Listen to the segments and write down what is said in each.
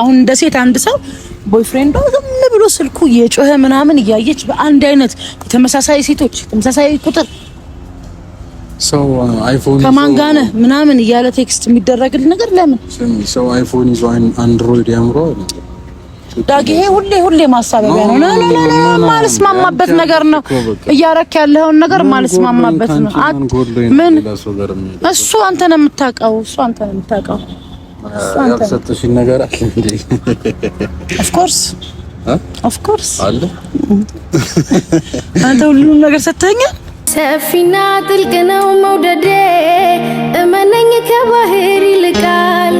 አሁን እንደ ሴት አንድ ሰው ቦይፍሬንዷ ዝም ብሎ ስልኩ የጮኸ ምናምን እያየች በአንድ አይነት ተመሳሳይ ሴቶች ተመሳሳይ ቁጥር ሰው ከማን ጋር ነህ ምናምን እያለ ቴክስት የሚደረግል ነገር ለምን ሰው አይፎን ይዞ አንድሮይድ ያምሮ ዳግ ይሄ ሁሌ ሁሌ ማሳበቢያ ነው። ማልስማማበት ነገር ነው እያረክ ያለኸውን ነገር ማልስማማበት ነው። ምን እሱ አንተ ነው የምታውቀው፣ እሱ አንተ ነው የምታውቀው። ያልሰጠሽኝ ነገር አለ እንዴ? ኦፍኮርስ ኦፍኮርስ አለ። አንተ ሁሉንም ነገር ሰጥተኛል። ሰፊና ጥልቅ ነው መውደዴ፣ እመነኝ ከባህር ይልቃል።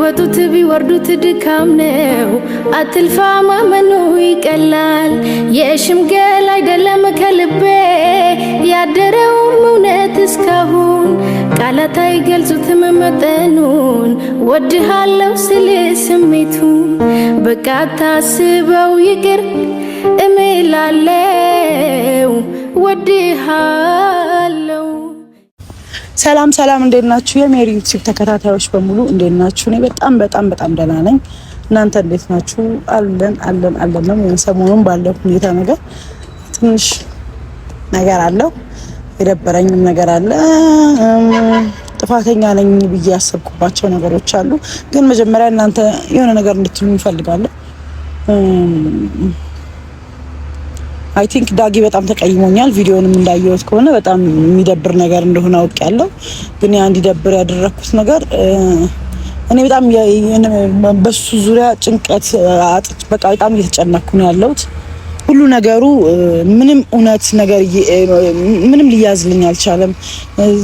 ቢወጡት ቢወርዱት ድካም ነው። አትልፋ ማመኑ ይቀላል። የሽምገል አይደለም ከልቤ ያደረውም እውነት እስካሁን ቃላት አይገልጹትም መጠኑን ወድሃለው ስል ስሜቱ በቃ ታስበው ይቅር እምላለው ወድሃ ሰላም ሰላም፣ እንዴት ናችሁ? የሜሪ ዩቲዩብ ተከታታዮች በሙሉ እንዴት ናችሁ? እኔ በጣም በጣም በጣም ደህና ነኝ። እናንተ እንዴት ናችሁ? አለን አለን አለን ነው። ሰሞኑን ባለው ሁኔታ ነገር ትንሽ ነገር አለው፣ የደበረኝም ነገር አለ። ጥፋተኛ ነኝ ብዬ ያሰብኩባቸው ነገሮች አሉ። ግን መጀመሪያ እናንተ የሆነ ነገር እንድትሉ እንፈልጋለን። አይ ቲንክ ዳጊ በጣም ተቀይሞኛል። ቪዲዮንም እንዳየሁት ከሆነ በጣም የሚደብር ነገር እንደሆነ አውቄያለሁ። ግን ያ እንዲደብር ያደረኩት ነገር እኔ በጣም በሱ ዙሪያ ጭንቀት በቃ በጣም እየተጨነኩ ነው ያለሁት። ሁሉ ነገሩ ምንም እውነት ነገር ምንም ሊያዝልኝ አልቻለም።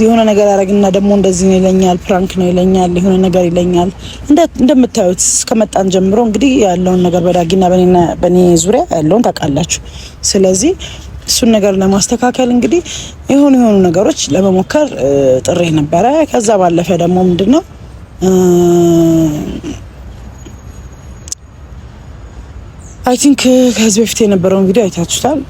የሆነ ነገር ያደረግና ደግሞ እንደዚህ ነው ይለኛል፣ ፕራንክ ነው ይለኛል፣ የሆነ ነገር ይለኛል። እንደምታዩት ከመጣን ጀምሮ እንግዲህ ያለውን ነገር በዳጊና በእኔ ዙሪያ ያለውን ታውቃላችሁ። ስለዚህ እሱን ነገር ለማስተካከል እንግዲህ የሆኑ የሆኑ ነገሮች ለመሞከር ጥሬ ነበረ። ከዛ ባለፈ ደግሞ ምንድን ነው አይ ቲንክ ከዚህ በፊት የነበረውን ቪዲዮ አይታችሁታል።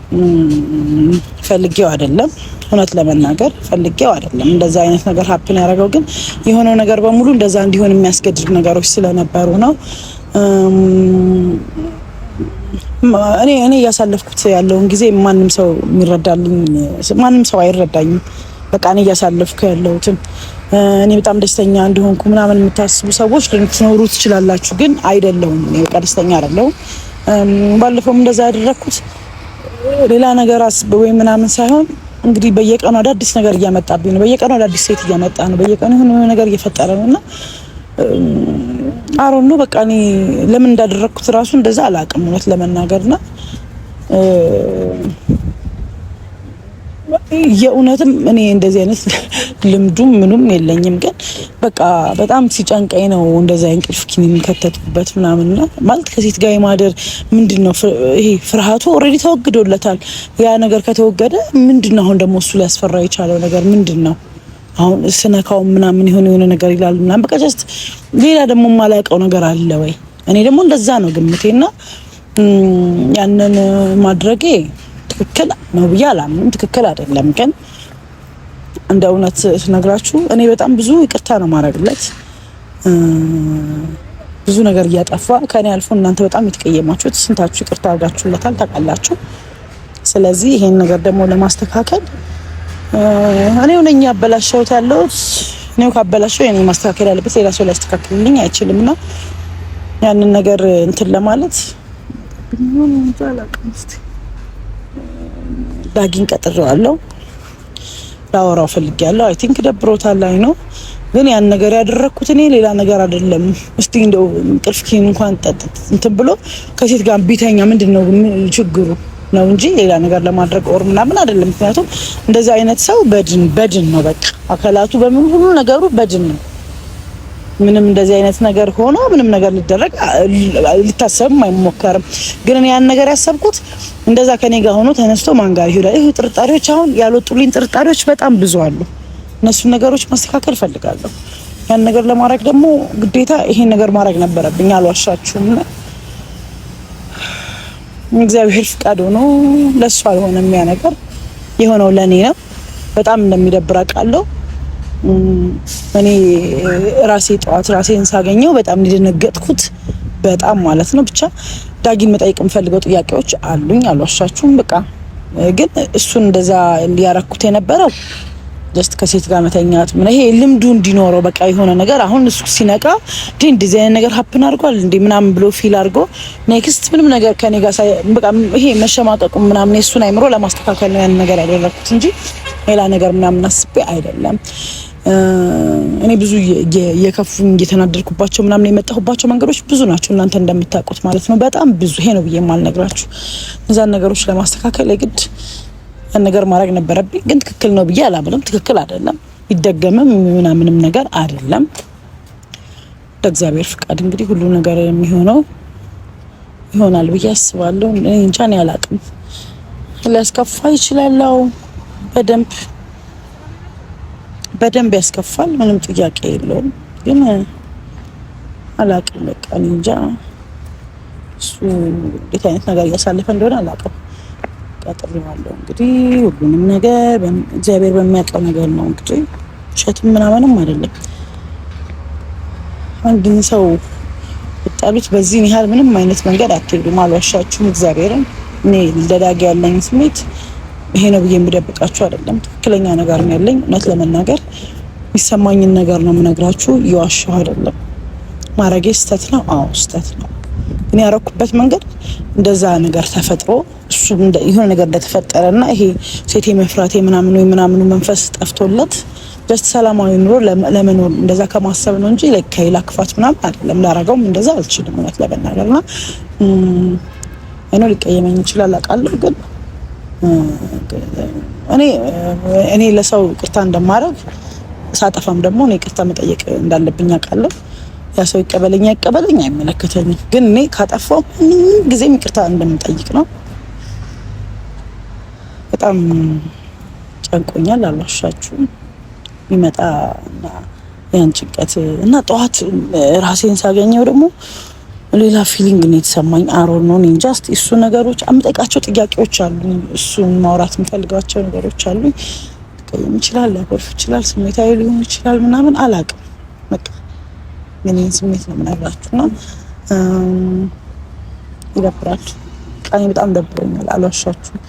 ፈልጌው አይደለም፣ እውነት ለመናገር ፈልጌው አይደለም። እንደዛ አይነት ነገር ሀፕን ያደረገው ግን የሆነው ነገር በሙሉ እንደዛ እንዲሆን የሚያስገድድ ነገሮች ስለነበሩ ነው። እኔ እኔ እያሳለፍኩት ያለውን ጊዜ ማንም ሰው የሚረዳልኝ ማንም ሰው አይረዳኝም። በቃ እኔ እያሳለፍኩ ያለሁትን እኔ በጣም ደስተኛ እንደሆንኩ ምናምን የምታስቡ ሰዎች ልትኖሩ ትችላላችሁ፣ ግን አይደለሁም። በቃ ደስተኛ አይደለሁም። ባለፈውም እንደዛ ያደረኩት ሌላ ነገር አስብ ወይ ምናምን ሳይሆን እንግዲህ በየቀኑ አዳዲስ ነገር እያመጣብኝ ነው። በየቀኑ አዳዲስ ሴት እያመጣ ነው። በየቀኑ የሆነ ነገር እየፈጠረ ነው እና አሮን ነው በቃ እኔ ለምን እንዳደረግኩት ራሱ እንደዛ አላውቅም እውነት ለመናገርና የእውነትም እኔ እንደዚህ አይነት ልምዱም ምኑም የለኝም፣ ግን በቃ በጣም ሲጨንቀኝ ነው እንደዚህ እንቅልፍ ኪኒን ከተትኩበት ምናምንና ማለት ከሴት ጋር የማደር ምንድን ነው ይሄ ፍርሃቱ ኦልሬዲ ተወግዶለታል። ያ ነገር ከተወገደ ምንድን ነው አሁን ደግሞ እሱ ሊያስፈራ የቻለው ነገር ምንድን ነው? አሁን ስነካው ምናምን የሆነ የሆነ ነገር ይላል ምናምን በቃ ጀስት ሌላ ደግሞ የማላውቀው ነገር አለ ወይ? እኔ ደግሞ እንደዛ ነው ግምቴና ያንን ማድረጌ ትክክል ነው ብዬ አላምንም። ትክክል አይደለም። ግን እንደ እውነት ስነግራችሁ እኔ በጣም ብዙ ይቅርታ ነው ማድረግለት። ብዙ ነገር እያጠፋ ከእኔ አልፎ እናንተ በጣም የተቀየማችሁት ስንታችሁ ይቅርታ አድርጋችሁለታል ታውቃላችሁ። ስለዚህ ይሄን ነገር ደግሞ ለማስተካከል እኔው ነኝ ያበላሸሁት ያለሁት እኔው ካበላሸው የኔ ማስተካከል ያለበት ሌላ ሰው ሊያስተካክልልኝ አይችልም። እና ያንን ነገር እንትን ለማለት ዳጊን ቀጥሬዋለሁ። ላወራው ፈልጌያለሁ። አይ ቲንክ ደብሮታል ላይ ነው ግን ያን ነገር ያደረኩት እኔ ሌላ ነገር አይደለም። እስቲ እንደው እንቅልፍ ኪን እንኳን ጠጥ እንትን ብሎ ከሴት ጋር ቢተኛ ምንድን ነው ችግሩ ነው እንጂ ሌላ ነገር ለማድረግ ኦር ምናምን አይደለም። ምክንያቱም እንደዚህ አይነት ሰው በድን በድን ነው በቃ አካላቱ በምን ሁሉ ነገሩ በድን ነው። ምንም እንደዚህ አይነት ነገር ሆኖ ምንም ነገር ሊደረግ ሊታሰብም አይሞከርም። ግን ያን ነገር ያሰብኩት እንደዛ ከኔ ጋር ሆኖ ተነስቶ ማን ጋር ይሄዳል? ይሄ ጥርጣሬዎች፣ አሁን ያልወጡልኝ ጥርጣሬዎች በጣም ብዙ አሉ። እነሱን ነገሮች ማስተካከል እፈልጋለሁ። ያን ነገር ለማድረግ ደግሞ ግዴታ ይሄን ነገር ማድረግ ነበረብኝ። አልዋሻችሁም። እግዚአብሔር ፍቃድ ሆኖ ለእሱ አልሆነም። ያ ነገር የሆነው ለእኔ ነው። በጣም እንደሚደብር አውቃለሁ። እኔ ራሴ ጠዋት ራሴን ሳገኘው በጣም እንደደነገጥኩት በጣም ማለት ነው። ብቻ ዳጊን መጠየቅ የምፈልገው ጥያቄዎች አሉኝ፣ አሏሻችሁም። በቃ ግን እሱን እንደዛ ሊያረኩት የነበረው ጀስት ከሴት ጋር መተኛት ምን ይሄ ልምዱ እንዲኖረው በቃ የሆነ ነገር አሁን እሱ ሲነቃ ዲ እንደዚህ አይነት ነገር ሀፕን አድርጓል እንዴ ምናምን ብሎ ፊል አድርጎ ኔክስት ምንም ነገር ከኔ ጋር ሳይ በቃ ይሄ መሸማቀቁ ምናምን የእሱን አይምሮ ለማስተካከል ነው ያን ነገር ያደረኩት እንጂ ሌላ ነገር ምናምን አስቤ አይደለም። እኔ ብዙ የከፉኝ እየተናደድኩባቸው ምናምን የመጣሁባቸው መንገዶች ብዙ ናቸው፣ እናንተ እንደምታውቁት ማለት ነው። በጣም ብዙ ይሄ ነው ብዬ የማልነግራችሁ። እነዛን ነገሮች ለማስተካከል የግድ ያን ነገር ማድረግ ነበረብኝ። ግን ትክክል ነው ብዬ አላምንም። ትክክል አይደለም፣ ቢደገምም ምናምንም ነገር አይደለም። እንደ እግዚአብሔር ፍቃድ እንግዲህ ሁሉ ነገር የሚሆነው ይሆናል ብዬ አስባለሁ። እንጃ እኔ አላቅም። ሊያስከፋ ይችላለው በደንብ በደንብ ያስከፋል። ምንም ጥያቄ የለውም። ግን አላቅም በቃ እንጃ እሱ እንዴት አይነት ነገር እያሳለፈ እንደሆነ አላቅም። ቀጥሪ እንግዲህ ሁሉንም ነገር እግዚአብሔር በሚያውቀው ነገር ነው። እንግዲህ ውሸትም ምናምንም አይደለም። አንድን ሰው ብጣሉት በዚህ ያህል ምንም አይነት መንገድ አትሄዱም። አልዋሻችሁም። እግዚአብሔርን እኔ ለዳጊ ያለኝ ስሜት ይሄ ነው ብዬ የምደብቃችሁ አይደለም። ትክክለኛ ነገር ነው ያለኝ። እውነት ለመናገር የሚሰማኝን ነገር ነው የምነግራችሁ። የዋሻሁ አይደለም። ማረጌ ስህተት ነው። አዎ ስህተት ነው። ግን ያረኩበት መንገድ እንደዛ ነገር ተፈጥሮ እሱ የሆነ ነገር እንደተፈጠረ እና ይሄ ሴት መፍራቴ ምናምኑ ምናምኑ መንፈስ ጠፍቶለት ጀስት ሰላማዊ ኑሮ ለመኖር እንደዛ ከማሰብ ነው እንጂ ከሌላ ክፋት ምናምን አይደለም። ላረገውም እንደዛ አልችልም እውነት ለመናገር ና ኖ ሊቀየመኝ ይችላል አውቃለሁ ግን እኔ እኔ ለሰው ቅርታ እንደማደርግ ሳጠፋም ደግሞ እኔ ቅርታ መጠየቅ እንዳለብኝ አውቃለሁ። ያ ሰው ይቀበለኝ አይቀበለኝ አይመለከተኝም። ግን እኔ ካጠፋው ምንም ጊዜም ይቅርታ እንደምጠይቅ ነው። በጣም ጨንቆኛል፣ አልዋሻችሁም። ይመጣ እና ያን ጭንቀት እና ጠዋት ራሴን ሳገኘው ደግሞ ሌላ ፊሊንግ ነው የተሰማኝ። አሮን ነው እኔ ጃስት እሱ ነገሮች አምጠቃቸው ጥያቄዎች አሉ፣ እሱን ማውራት የምፈልጋቸው ነገሮች አሉ። ሊቀየም ይችላል፣ ሊያኮርፍ ይችላል፣ ስሜታዊ ሊሆን ይችላል ምናምን አላቅም። በቃ ግን ይህን ስሜት ነው የምነግራችሁ እና ይደብራችሁ። ቃኔ በጣም ደብሮኛል፣ አልዋሻችሁም።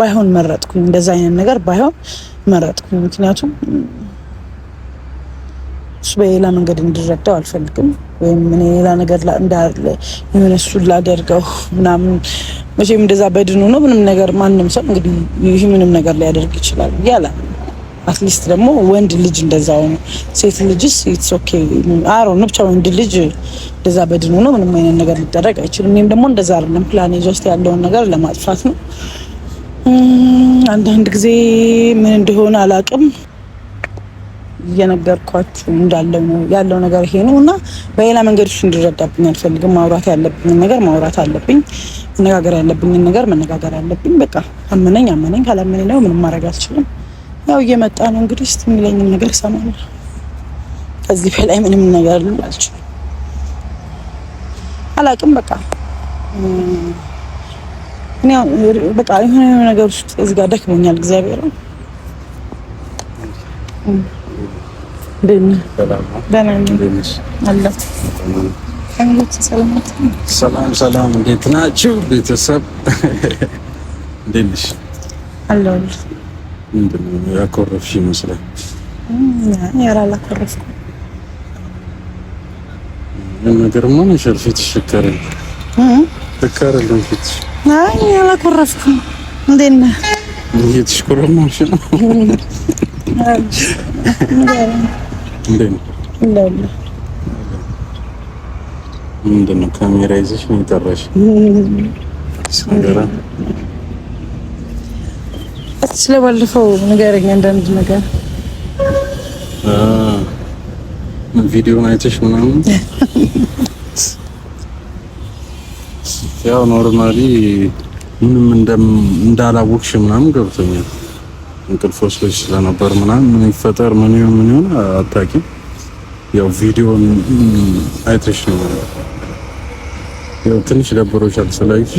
ባይሆን መረጥኩኝ፣ እንደዛ አይነት ነገር ባይሆን መረጥኩኝ፣ ምክንያቱም እሱ በሌላ መንገድ እንድረዳው አልፈልግም፣ ወይም እኔ ሌላ ነገር እንዳለ የሆነ እሱን ላደርገው ምናምን። መቼም እንደዛ በድኑ ነው ምንም ነገር ማንም ሰው እንግዲህ ይህ ምንም ነገር ሊያደርግ ይችላል ያለ አትሊስት ደግሞ ወንድ ልጅ እንደዛው ነው። ሴት ልጅስ ኢትስ ኦኬ አሮ ነው። ብቻ ወንድ ልጅ እንደዛ በድኑ ነው ምንም አይነት ነገር ሊደረግ አይችልም። ይህም ደግሞ እንደዛ አይደለም ፕላን ይዞ ውስጥ ያለውን ነገር ለማጥፋት ነው። አንዳንድ ጊዜ ምን እንደሆነ አላቅም። እየነገርኳችሁ እንዳለው ነው ያለው ነገር ይሄ ነው እና በሌላ መንገድ እሱ እንዲረዳብኝ አልፈልግም። ማውራት ያለብኝን ነገር ማውራት አለብኝ። መነጋገር ያለብኝን ነገር መነጋገር አለብኝ። በቃ አመነኝ አመነኝ፣ ካላመነኝ ነው ምንም ማድረግ አልችልም። ያው እየመጣ ነው እንግዲህ እስኪ የሚለኝን ነገር እሰማለሁ። ከዚህ በላይ ምንም ነገር አልችልም። አላቅም በቃ በቃ የሆነ ነገር ውስጥ እዚህ ጋር ደክሞኛል። እግዚአብሔር ነው ሰላም ሰላም፣ እንዴት ናችሁ ቤተሰብ? እንዴት ነሽ? ምንድን ነው ያኮረፍሽ ይመስላል? አላኮረፍኩም። ነገርማ ነሽ ፊትሽ ትከረኝ ትከረኝ ፊትሽ። አይ አላኮረፍኩም። እንዴት ነህ? እየተሽኮረመምሽ ነው ምንድን ነው ካሜራ ይዘሽ ነው የጠራሽ? ስለባለፈው ንገረኝ አንዳንድ ነገር። ቪዲዮ አይተሽ ምናምን? ያው ኖርማሊ ምንም እንዳላወቅሽ ምናምን ገብቶኛል። እንቅልፍ ወስዶች ስለነበር ምናምን ምን ይፈጠር ምን ይሁን ምን ይሁን አታውቂም። ያው ቪዲዮን አይተሽ ነው ያው ትንሽ ደብሮሻል ስላይሽ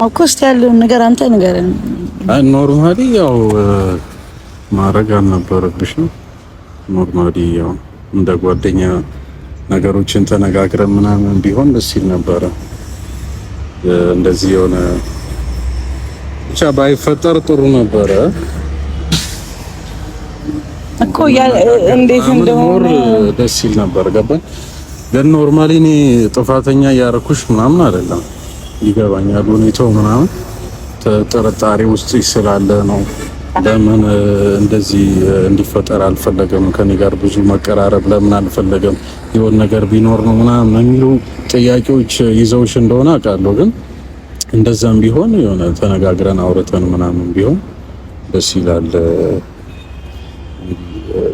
አው ኮስት ያለውን ነገር አንተ ንገረን። አይ ኖርማሊ ያው ማድረግ አልነበረብሽም። ኖርማሊ ያው እንደ ጓደኛ ነገሮችን ተነጋግረን ምናምን ቢሆን ደስ ይል ነበረ እንደዚህ የሆነ ብቻ ባይፈጠር ጥሩ ነበረ እኮ እንዴት እንደሆነ ደስ ይል ነበር። ገባኝ። ግን ኖርማሊ እኔ ጥፋተኛ እያረኩሽ ምናምን አይደለም። ይገባኛል ሁኔታው ምናምን ጥርጣሬ ውስጥ ስላለ ነው። ለምን እንደዚህ እንዲፈጠር አልፈለገም? ከኔ ጋር ብዙ መቀራረብ ለምን አልፈለገም? የሆነ ነገር ቢኖር ነው ምናምን የሚሉ ጥያቄዎች ይዘውሽ እንደሆነ አውቃለሁ ግን እንደዛም ቢሆን የሆነ ተነጋግረን አውርተን ምናምን ቢሆን ደስ ይላል።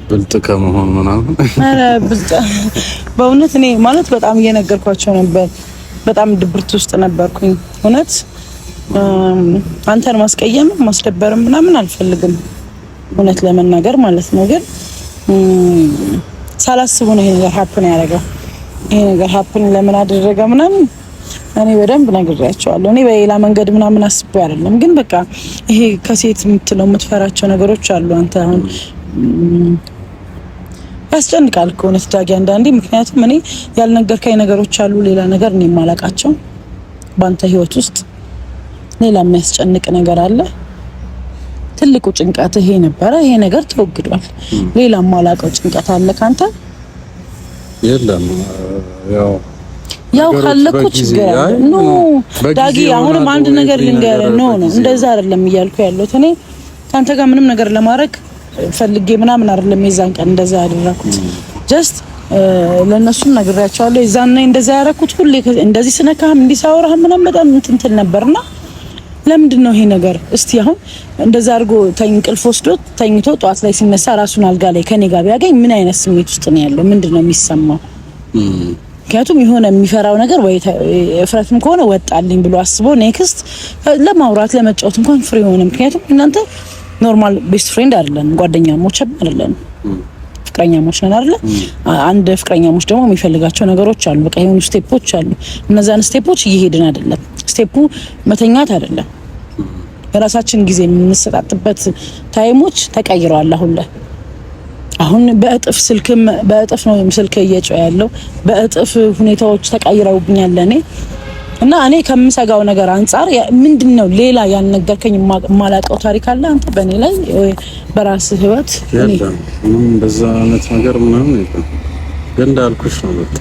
ብልጥ ከመሆን ምናምን አረ ብልጥ በእውነት እኔ ማለት በጣም እየነገርኳቸው ነበር። በጣም ድብርት ውስጥ ነበርኩኝ። እውነት አንተን ማስቀየም ማስደበርም ምናምን አልፈልግም፣ እውነት ለመናገር ማለት ነው። ግን ሳላስቡ ነው ይሄ ነገር ሀፕን ያደረገው። ይሄ ነገር ሀፕን ለምን አደረገ ምናምን እኔ በደንብ ነግሬያቸዋለሁ። እኔ በሌላ መንገድ ምናምን አስቤ አይደለም፣ ግን በቃ ይሄ ከሴት የምትለው የምትፈራቸው ነገሮች አሉ። አንተ አሁን ያስጨንቃል ከእውነት ዳጊ አንዳንዴ። ምክንያቱም እኔ ያልነገርከኝ ነገሮች አሉ፣ ሌላ ነገር እኔ የማላቃቸው በአንተ ህይወት ውስጥ ሌላ የሚያስጨንቅ ነገር አለ። ትልቁ ጭንቀት ይሄ ነበረ። ይሄ ነገር ተወግዷል። ሌላ የማላቀው ጭንቀት አለ ካንተ የለም ያው ያው ካለኩ ችግር አለ። ኖ ዳጊ፣ አሁንም አንድ ነገር ልንገር። ኖ ነው እንደዛ አይደለም እያልኩ ያለሁት እኔ ከአንተ ጋር ምንም ነገር ለማድረግ ፈልጌ ምናምን አይደለም። የዛን ቀን እንደዛ ያደረኩት ጀስት ለእነሱም ነግሬያቸዋለሁ። የዛን ነው እንደዛ ያደረኩት። ሁሌ እንደዚህ ስነካህም እንዲሳወራህ ምናምን በጣም እንትን ትል ነበርና ለምንድን ነው ይሄ ነገር? እስቲ አሁን እንደዛ አድርጎ እንቅልፍ ወስዶ ተኝቶ ጠዋት ላይ ሲነሳ ራሱን አልጋ ላይ ከኔ ጋር ቢያገኝ ምን አይነት ስሜት ውስጥ ነው ያለው? ምንድን ነው የሚሰማው? ምክንያቱም የሆነ የሚፈራው ነገር ወይ እፍረትም ከሆነ ወጣልኝ ብሎ አስቦ ኔክስት ለማውራት ለመጫወት እንኳን ፍሪ ሆነ። ምክንያቱም እናንተ ኖርማል ቤስት ፍሬንድ አይደለን፣ ጓደኛሞች አይደለን፣ ፍቅረኛሞች ነን አይደለ? አንድ ፍቅረኛሞች ደግሞ የሚፈልጋቸው ነገሮች አሉ። በቃ የሆኑ ስቴፖች አሉ። እነዛን ስቴፖች እየሄድን አይደለም። ስቴፑ መተኛት አይደለም። የራሳችን ጊዜ የምንሰጣጥበት ታይሞች ተቀይረዋል አሁን ላይ አሁን በእጥፍ ስልክም በእጥፍ ነው ስልክ እየጮህ ያለው በእጥፍ ሁኔታዎች ተቀይረውብኛል ለኔ እና እኔ ከምሰጋው ነገር አንጻር ምንድን ነው ሌላ ያልነገርከኝ የማላውቀው ታሪክ አለ አንተ በእኔ ላይ በራስህ ህይወት? ምንም በዛ አይነት ነገር ምናምን የለም። ግን እንዳልኩሽ ነው በቃ።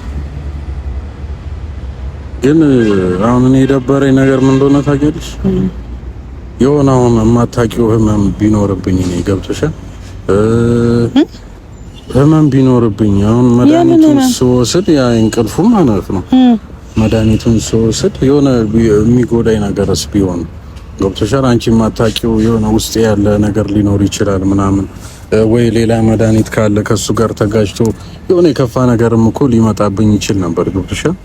ግን አሁን እኔ የደበረኝ ነገር ምን እንደሆነ ታውቂያለሽ? የሆነ አሁን የማታውቂው ህመም ቢኖርብኝ እኔ ገብቶሻል ህመም ቢኖርብኝ አሁን መድኃኒቱን ስወስድ ያ እንቅልፉ ማለት ነው። መድኃኒቱን ስወስድ የሆነ የሚጎዳኝ ነገርስ ቢሆን ገብቶሻል። አንቺ የማታውቂው የሆነ ውስጥ ያለ ነገር ሊኖር ይችላል ምናምን ወይ ሌላ መድኃኒት ካለ ከሱ ጋር ተጋጅቶ የሆነ የከፋ ነገርም እኮ ሊመጣብኝ ይችል ነበር። ገብቶሻል።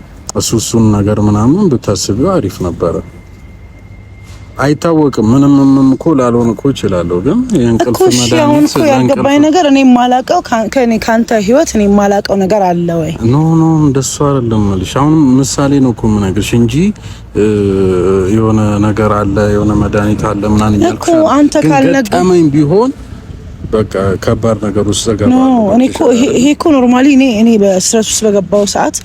እሱ እሱን ነገር ምናምን ብታስቢው አሪፍ ነበረ። አይታወቅም። ምንም ምንም እኮ ላልሆን እኮ እችላለሁ፣ ግን የእንቅልፍ መድኃኒት ያልገባኝ ነገር እኔ የማላውቀው ከአንተ ህይወት እኔ የማላውቀው ነገር አለ ወይ? ኖ ኖ፣ እንደሱ አይደለም እልሽ። አሁን ምሳሌ ነው እኮ የምነግርሽ እንጂ የሆነ ነገር አለ የሆነ መድኃኒት አለ ምናምን እያልኩሽ አንተ ካልነገርከኝ ቢሆን በቃ ከባድ ነገር ውስጥ ገባ ነው። እኔ እኮ ይሄ እኮ ኖርማሊ እኔ እኔ በስትረስ ውስጥ በገባው ሰዓት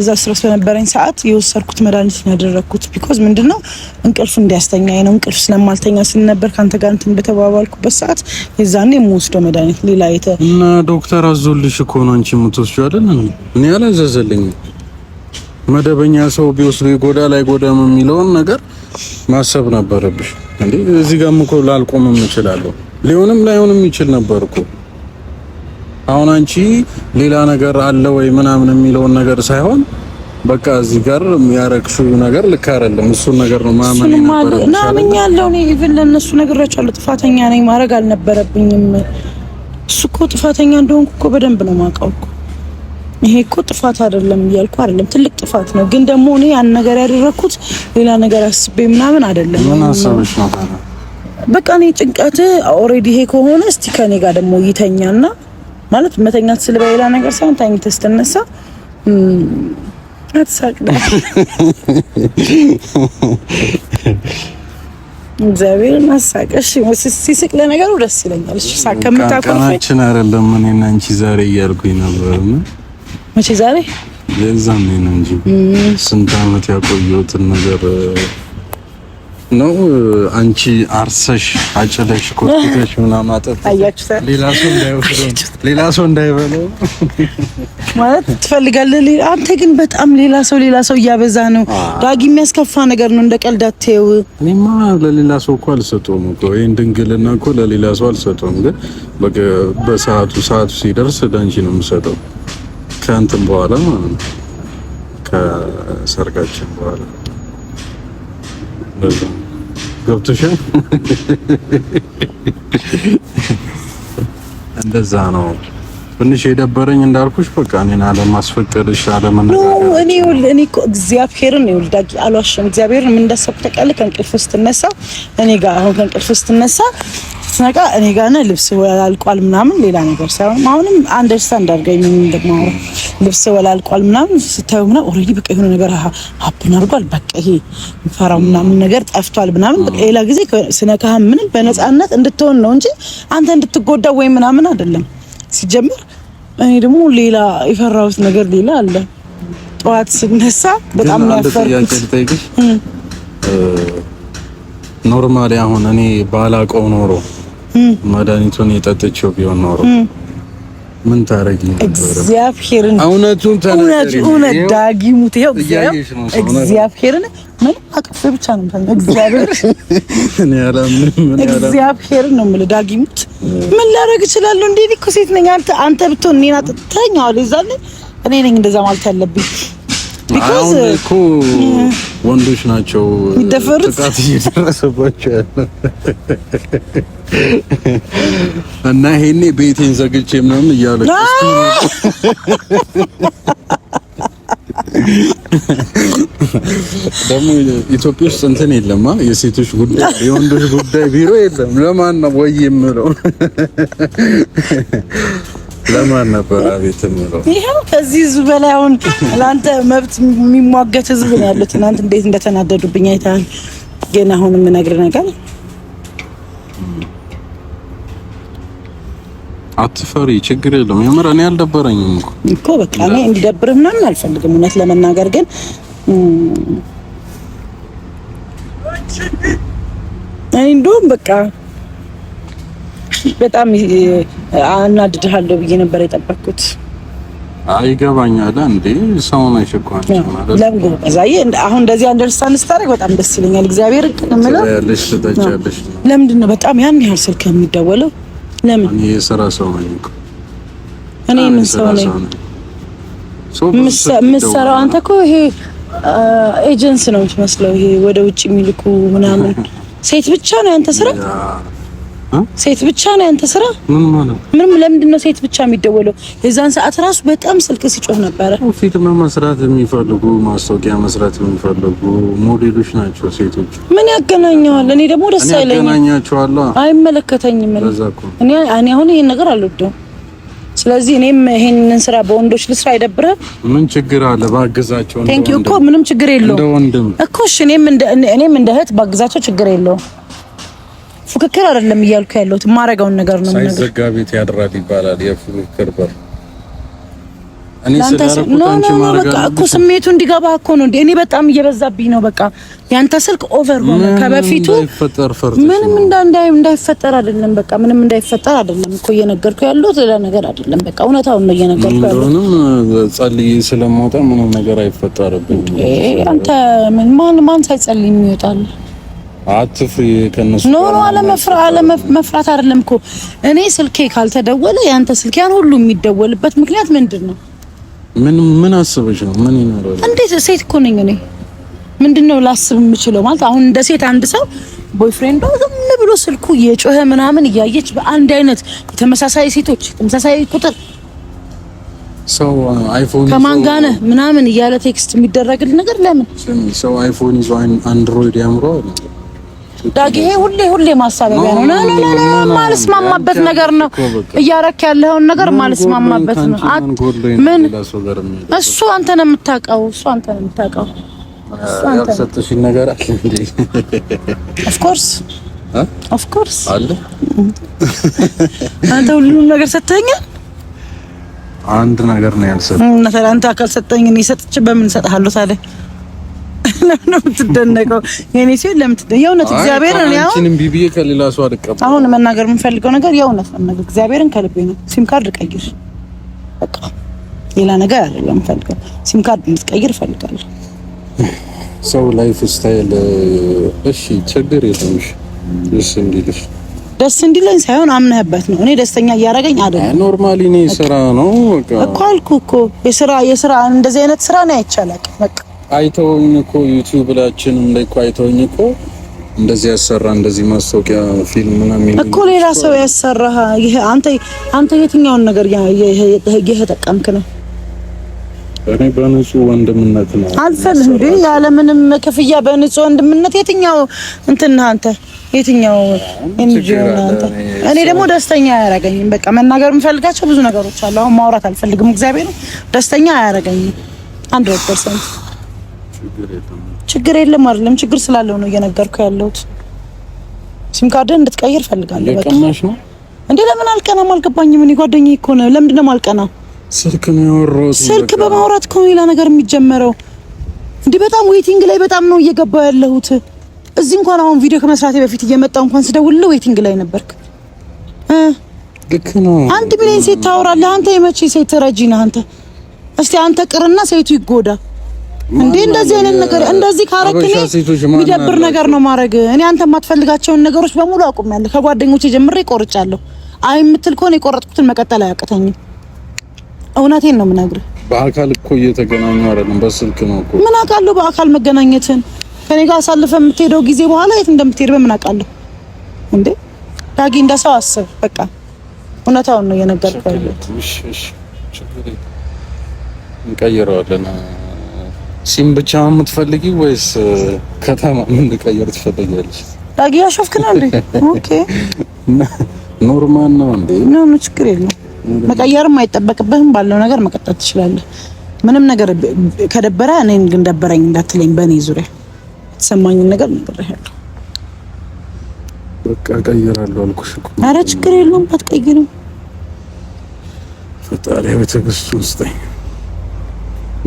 እዛ ስረስ በነበረኝ ሰዓት የወሰድኩት መድኃኒት ያደረግኩት። ቢኮዝ ምንድን ነው እንቅልፍ እንዲያስተኛ ነው እንቅልፍ ስለማልተኛ ስለነበር ከአንተ ጋር እንትን በተባባልኩበት ሰዓት የዛኔ የምወስደው መድኃኒት ሌላ የተ እና ዶክተር አዞልሽ እኮ ነው አንቺ የምትወስጂው አይደል? እኔ አላዘዘልኝም። መደበኛ ሰው ቢወስዱ ላይ ላይጎዳም የሚለውን ነገር ማሰብ ነበረብሽ። እንዴ እዚህ ጋርም እኮ ላልቆምም እችላለሁ። ሊሆንም ላይሆንም ይችል ነበር እኮ አሁን አንቺ ሌላ ነገር አለ ወይ ምናምን የሚለውን ነገር ሳይሆን በቃ እዚህ ጋር የሚያረግሽው ነገር ልክ አይደለም። እሱን ነገር ነው ማመን ነው እና ያለው ነው። ኢቭን ለእነሱ ነግሬያቸዋለሁ። ጥፋተኛ ነኝ ማድረግ አልነበረብኝም። እሱ እኮ ጥፋተኛ እንደሆንኩ እኮ በደንብ ነው የማውቀው እኮ ይሄ እኮ ጥፋት አይደለም እያልኩ አይደለም፣ ትልቅ ጥፋት ነው። ግን ደግሞ እኔ ያን ነገር ያደረኩት ሌላ ነገር አስቤ ምናምን አይደለም። ምን ነው? በቃ እኔ ጭንቀት ኦልሬዲ ይሄ ከሆነ እስቲ ከኔ ጋር ደግሞ ይተኛና ማለት መተኛት ስል በሌላ ነገር ሳይሆን ታኝተህ ስትነሳ አትሳቅዳ እግዚአብሔር እሺ ሲስቅ ለነገሩ ደስ ይለኛል። እሺ ሳከምታቀናችን አይደለም እኔ እና አንቺ ዛሬ እያልኩኝ ነበር። መቼ ዛሬ የዛኔ ነው እንጂ ስንት አመት ያቆየሁትን ነገር ነው አንቺ አርሰሽ አጭለሽ ኮትሽ ምናምን አጠጥ ሌላ ሰው እንዳይወስደው ሌላ ሰው እንዳይበለው ማለት ትፈልጋለህ። አንተ ግን በጣም ሌላ ሰው ሌላ ሰው እያበዛ ነው ዳጊ። የሚያስከፋ ነገር ነው። እንደ ቀልድ አትየው። እኔማ ለሌላ ሰው እኮ አልሰጠውም እኮ ይሄን ድንግልና እኮ ለሌላ ሰው አልሰጠውም። ግን በቃ በሰዓቱ ሰዓቱ ሲደርስ ዳንቺ ነው የምሰጠው። ከእንትን በኋላ ማለት ነው ከሰርጋችን በኋላ ገብቶሻል? እንደዛ ነው። ትንሽ የደበረኝ እንዳልኩሽ በቃ እኔን አለማስፈቀድሽ አለመነጋገር እኔ ይኸውልህ እኔ እኮ እግዚአብሔርን ይኸውልህ ዳጊ አልዋሽም። እግዚአብሔርን ምን እንዳሰብኩ ታውቂያለህ? ከእንቅልፍ ስትነሳ እኔ ጋር አሁን ከእንቅልፍ ስትነሳ ስነቃ እኔ ጋነ ልብስ ወላልቋል ምናምን ሌላ ነገር ሳይሆን አሁንም አንደርስታንድ አድርገኝ ምን እንደማወራው ልብስ ወላልቋል ምናምን ስታዩ ምና ኦልሬዲ በቃ የሆነ ነገር ሀፕን አድርጓል። በቃ ይሄ የሚፈራው ምናምን ነገር ጠፍቷል ምናምን በቃ ሌላ ጊዜ ስነካህ ምንም በነፃነት እንድትሆን ነው እንጂ አንተ እንድትጎዳ ወይም ምናምን አይደለም። ሲጀምር እኔ ደግሞ ሌላ የፈራሁት ነገር ሌላ አለ። ጠዋት ስነሳ በጣም ነው ያፈርኩት። ኖርማሊ አሁን እኔ ባላቀው ኖሮ መድኃኒቱን የጠጥቼው ቢሆን ኖሮ ምን ታረጊ ነበር? እግዚአብሔርን እውነቱን ተናገሪ። እውነት ዳጊሙት እግዚአብሔርን ምን አቅፍ ብቻ ነው እግዚአብሔር እኔ አላምንም። እግዚአብሔርን ነው የምልህ ዳጊሙት ምን እችላለሁ? እንዴ እኮ ሴት ነኝ። አንተ አንተ ብትሆን እኔን አለ እኔ ነኝ እንደዛ ማለት ያለብኝ ቢኮዝ ወንዶች ናቸው የሚደፈሩት፣ ጥቃት እየደረሰባቸው ያለ እና ይሄኔ ቤቴን ዘግቼ ምናምን እያለ ደግሞ ኢትዮጵያ ውስጥ እንትን የለማ የሴቶች ጉዳይ የወንዶች ጉዳይ ቢሮ የለም። ለማን ነው ወይ የምለው ለማን ነበር አቤት የምለው? ይሄው ከዚህ ህዝብ በላይ አሁን ለአንተ መብት የሚሟገት ህዝብ ነው ያለው። ትናንት እንዴት እንደተናደዱብኝ አይተሃል። ግን አሁን የምነግር ነገር አትፈሪ፣ ችግር የለም። የምር እኔ አልደበረኝም እኮ በቃ እኔ እንዲደብር ምናምን አልፈልግም እውነት ለመናገር ግን እኔ እንደውም በቃ በጣም አናድድሃለሁ ብዬ ነበር የጠበቅኩት። አይገባኛል እንዴ ሰው ነው ይሽኳን ማለት ለምን እንደ አሁን እንደዚህ አንደርስታንድ ስታደርግ በጣም ደስ ይለኛል። እግዚአብሔር እንምለው ያለሽ ተጫለሽ ለምንድን ነው በጣም ያን ያህል ስልክ የሚደወለው? ለምን እኔ የሥራ ሰው ነኝ እኮ እኔ ምን ሰው ነኝ? የምትሰራው አንተ እኮ ይሄ ኤጀንሲ ነው የምትመስለው። ይሄ ወደ ውጭ የሚልኩ ምናምን ሴት ብቻ ነው ያንተ ስራ ሴት ብቻ ነው ያንተ ስራ? ምን ማለት ምንም። ለምንድን ነው ሴት ብቻ የሚደወለው? የዛን ሰዓት ራሱ በጣም ስልክ ሲጮህ ነበረ። ፊልም መስራት የሚፈልጉ ማስታወቂያ መስራት የሚፈልጉ ሞዴሎች ናቸው ሴቶች። ምን ያገናኘዋል? እኔ ደግሞ ደስ አይለኝም። ያገናኛቸዋል። አይመለከተኝም። እኔ እኔ አሁን ይሄን ነገር አልወደውም። ስለዚህ እኔም ይሄንን ስራ በወንዶች ልስራ። አይደብረ ምን ችግር አለ ባግዛቸው? ዩ እኮ ምንም ችግር የለውም እኮ እሺ። እኔም እንደ እህት ባግዛቸው ችግር የለውም ፉክክር አይደለም እያልኩ ያለሁት የማደርገውን ነገር ነው። ሳይዘጋ ቤት ያድራል ይባላል። የፉክክር በር እኮ ስሜቱ እንዲገባ እኮ ነው። እኔ በጣም እየበዛብኝ ነው። በቃ ያንተ ስልክ ኦቨር ሆነ ከበፊቱ። ምንም እንዳይፈጠር አይደለም በቃ ምንም እንዳይፈጠር አይደለም እኮ እየነገርኩ ያለሁት ሌላ ነገር አይደለም። በቃ እውነታውን ነው እየነገርኩ ያለሁት። ምንም ጸልዬ ስለማውጣ ምንም ነገር አይፈጠርብኝ። አንተ ምን ማን ማን ሳይጸልይ ይወጣል? አትፍሪ ከነሱ ኖ ኖ አለመፍራ አለመፍራት አይደለም እኮ እኔ ስልኬ ካልተደወለ ያንተ ስልክ ያን ሁሉ የሚደወልበት ምክንያት ምንድን ነው? ምን ምን አስበሽ ነው? ምን ይኖራል? እንዴት ሴት እኮ ነኝ እኔ ምንድነው ላስብ የምችለው? ማለት አሁን እንደ ሴት አንድ ሰው ቦይፍሬንዱ ዝም ብሎ ስልኩ የጮኸ ምናምን እያየች በአንድ አይነት ተመሳሳይ ሴቶች ተመሳሳይ ቁጥር ሰው አይፎን ከማን ጋር ነህ ምናምን እያለ ቴክስት የሚደረግል ነገር ለምን ሰው አይፎን ይዞ አንድሮይድ ያምሮ ዳጊ ይሄ ሁሌ ሁሌ ማሳበቢያ ነው። ኖ ኖ ኖ ማልስማማበት ነገር ነው እያረክ ያለውን ነገር ማልስማማበት ነው። ምን እሱ አንተ ነው የምታውቀው፣ እሱ አንተ ነው የምታውቀው። ያልሰጠሽኝ ነገር አለ ኦፍ ኮርስ ኦፍ ኮርስ አለ። አንተ ሁሉንም ነገር ሰጥተኸኛል። አንድ ነገር ነው ያልሰጠኝ እና ታዲያ አንተ ካልሰጠኝ እኔ ሰጥቼ በምን እሰጥሃለሁ ታዲያ? ለምን የምትደነቀው? የኔ ሲል ለምትደ የእውነት እግዚአብሔርን ነው። አንቺንም ከሌላ ሰው አድቀም። አሁን መናገር የምንፈልገው ነገር የእውነት ነው። እግዚአብሔርን ከልቤ ነው። ሲም ካርድ ቀይር፣ በቃ ሌላ ነገር አይደለም የምፈልገው። ሲም ካርድ እንድትቀይር እፈልጋለሁ። ሰው ላይፍ ስታይል እሺ፣ ችግር የለም ደስ እንዲልሽ ደስ እንዲለኝ ሳይሆን አምነህበት ነው። እኔ ደስተኛ እያደረገኝ አይደለም። ኖርማሊ እኔ ስራ ነው እኮ አልኩህ እኮ የስራ የስራ እንደዚህ አይነት ስራ ነው አይቻልም በቃ አይተውኝ እኮ ዩቲዩብ ላችንም ላይ እኮ አይተውኝ እኮ እንደዚህ ያሰራ እንደዚህ ማስታወቂያ ፊልም ምናምን እኮ ሌላ ሰው ያሰራ። ይሄ አንተ አንተ የትኛውን ነገር እየተጠቀምክ ነው? እኔ በንጹህ ወንድምነት ነው አልፈል እንዴ? ያለምንም ክፍያ በንጹህ ወንድምነት የትኛው እንትን አንተ የትኛው አንተ እኔ ደግሞ ደስተኛ አያረገኝም። በቃ መናገር የምፈልጋቸው ብዙ ነገሮች አሉ። አሁን ማውራት አልፈልግም። እግዚአብሔር ደስተኛ አያረገኝም 100% ችግር የለም አይደለም። ችግር ስላለው ነው እየነገርኩ ያለሁት። ሲም ካርድን እንድትቀይር ፈልጋለሁ። በቃ እንዴ፣ ለምን አልቀናም? አልገባኝም። እኔ ጓደኛዬ እኮ ነው። ለምንድን ነው የማልቀናው? ስልክ ነው ያወራሁት። ስልክ በማውራት ከሆነ ሌላ ነገር የሚጀመረው እንዴ። በጣም ዌቲንግ ላይ በጣም ነው እየገባው ያለሁት። እዚህ እንኳን አሁን ቪዲዮ ከመስራቴ በፊት እየመጣ እንኳን ስደውልልህ ዌቲንግ ላይ ነበርክ። ልክ ነው። አንድ ሚሊዮን ሴት ታወራለህ አንተ። የመቼ ሴት ረጂ ነህ አንተ? እስቲ አንተ ቅርና ሴቱ ይጎዳ እንዴ እንደዚህ አይነት ነገር እንደዚህ ካረክኔ የሚደብር ነገር ነው ማድረግ። እኔ አንተ የማትፈልጋቸውን ነገሮች በሙሉ አቁሜያለሁ። ከጓደኞቼ ጀምሬ ቆርጫለሁ። አይ የምትል ከሆነ የቆረጥኩትን መቀጠል አያቅተኝም። እውነቴን ነው የምነግርህ። በአካል እኮ እየተገናኙ አይደለም፣ በስልክ ነው እኮ። ምን አውቃለሁ በአካል መገናኘትን ከኔ ጋር አሳልፈ የምትሄደው ጊዜ በኋላ የት እንደምትሄድ በምን አውቃለሁ? እንዴ ዳጊ እንደ ሰው አስብ። በቃ እውነታውን ነው እየነገርኩህ። እሺ እሺ፣ እንቀይረዋለን ሲም ብቻ የምትፈልጊ ወይስ ከተማ ምን ልቀየር ትፈልጊያለሽ? ዳጊ ያሾፍክ ነው እንዴ? ኦኬ ኖርማል ነው እንዴ? ምንም ችግር የለም። መቀየርም አይጠበቅብህም። ባለው ነገር መቀጠል ትችላለህ። ምንም ነገር ከደበረ እኔን ግን ደበረኝ እንዳትለኝ። በእኔ ዙሪያ የተሰማኝን ነገር ነግሬሃለሁ። በቃ እቀይራለሁ አልኩሽ እኮ። ኧረ ችግር የለውም። አትቀይርም። ፈጣሪ በትዕግስቱ ውስጠኝ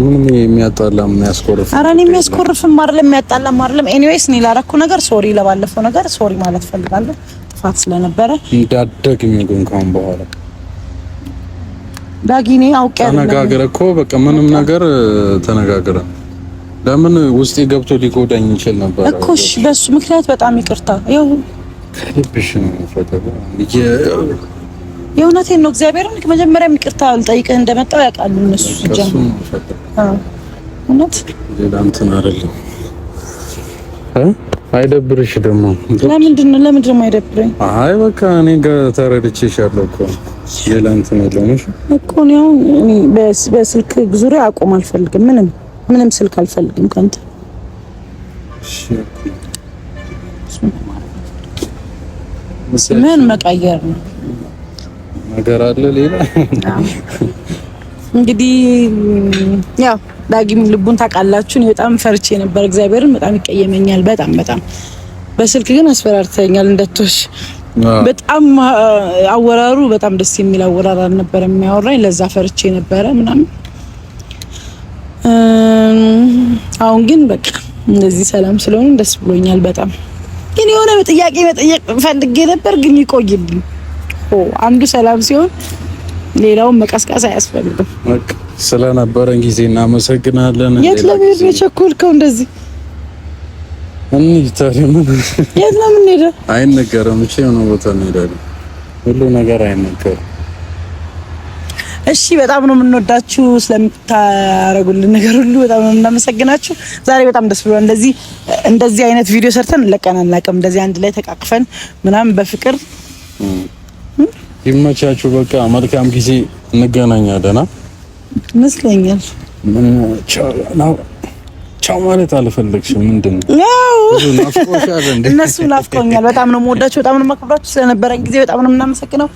ምንም የሚያጣላም የሚያስቆርፍ ኧረ እኔ የሚያስቆርፍም አይደለም የሚያጣላም አይደለም። ኤኒዌይስ እኔ ላደረኩ ነገር ሶሪ፣ ለባለፈው ነገር ሶሪ ማለት ፈልጋለሁ። ጥፋት ስለነበረ እንዳደግ የሚጉን ካሁን በኋላ ዳጊኔ እኔ ያለ ተነጋግረን እኮ በቃ ምንም ነገር ተነጋግረ ለምን ውስጤ ገብቶ ሊጎዳኝ ይችል ነበር እኮ። እሺ፣ በሱ ምክንያት በጣም ይቅርታ። ይኸው ልብሽ ነው ፈጠሩ የእውነቴን ነው እግዚአብሔር ነው። መጀመሪያም ይቅርታ ልጠይቅህ እንደመጣው ያውቃሉ እነሱ ሲጀምሩ እውነት ሌላ እንትን አይደለም። አይደብርሽ ደግሞ ለምንድን ነው ለምንድን ነው አይደብረኝ? አይ በቃ እኔ ጋር ተረድቼሻለሁ እኮ ሌላ እንትን የለውም እኮ ነው። በስልክ ዙሪያ አቆም አልፈልግም። ምንም ምንም ስልክ አልፈልግም ከአንተ ምን መቀየር ነው ነገር አለ ሌላ እንግዲህ ያው ዳጊም ልቡን ታውቃላችሁ። እኔ በጣም ፈርቼ ነበር፣ እግዚአብሔርን በጣም ይቀየመኛል። በጣም በጣም በስልክ ግን አስፈራርተኛል። እንደቶሽ በጣም አወራሩ በጣም ደስ የሚል አወራር አልነበረም የሚያወራኝ። ለዛ ፈርቼ ነበረ ምናምን። አሁን ግን በቃ እንደዚህ ሰላም ስለሆነ ደስ ብሎኛል በጣም። ግን የሆነ ጥያቄ መጠየቅ ፈልጌ ነበር ግን ይቆይልኝ አንዱ ሰላም ሲሆን ሌላውን መቀስቀስ አያስፈልግም። ስለነበረን ጊዜ እናመሰግናለን። የት ለመሄድ ነው የቸኮልከው? እንደዚህ እንዴት ታሪሙን የት ነው የምንሄደው? አይነገርም። እሺ የሆነ ቦታ እንሄዳለን። ሁሉ ነገር አይነገርም። እሺ፣ በጣም ነው የምንወዳችሁ። ስለምታረጉልን ነገር ሁሉ በጣም ነው የምናመሰግናችሁ። ዛሬ በጣም ደስ ብሏል። እንደዚህ እንደዚህ አይነት ቪዲዮ ሰርተን ለቀን አናውቅም። እንደዚህ አንድ ላይ ተቃቅፈን ምናምን በፍቅር ይመቻችሁ። በቃ መልካም ጊዜ፣ እንገናኛለን። ይመስለኛል። ቻው ማለት አልፈለግሽም? ምንድን ነው እነሱ ናፍቆኛል። በጣም ነው የምወዳችሁ፣ በጣም ነው የማከብራችሁ። ስለነበረን ጊዜ በጣም ነው የምናመሰግነው።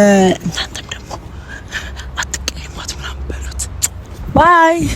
እናንተም ደግሞ አትቀይሟት ምናምን በሉት። ባይ